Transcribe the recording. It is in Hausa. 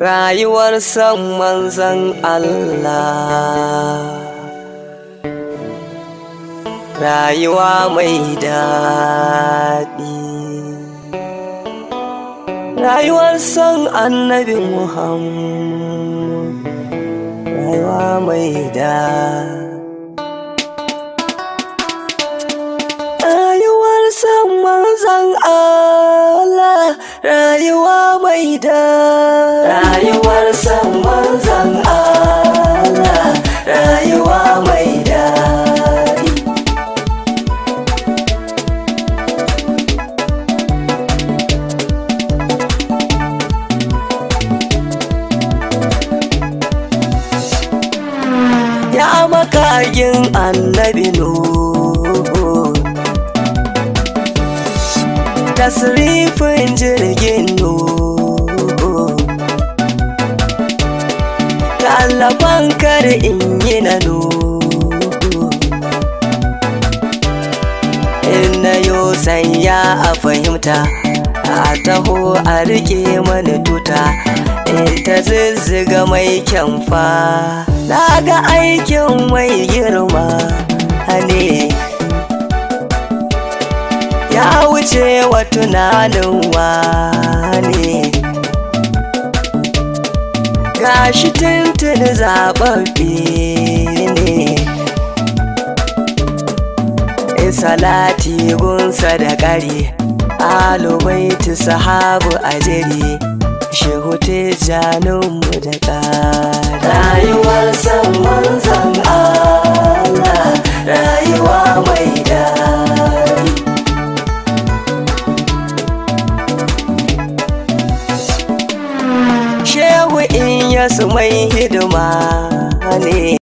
rayuwar san manzan Allah rayuwa mai daɗi rayuwar san annabi Muhammad rayuwa mai daɗi rayuwar san manzan Allah rayuwa mai daɗi ya makagin annabi nuhu tasrifin jirgin nuhu tallaban kar in yi na nuhu in na yo sanya a fahimta a taho a riƙe mani tuta in ta zizziga mai kyanfa. fa na ga aikin mai girma hane ya wuce wa tunanin wane. gashi tuntun zaɓaɓɓe ne salati gunsa da ƙari alubaitu sahabu a jiri shehu mu da ƙara rayuwar zaman zan Allah rayuwa mai daɗi shehu in yasu mai hidima ne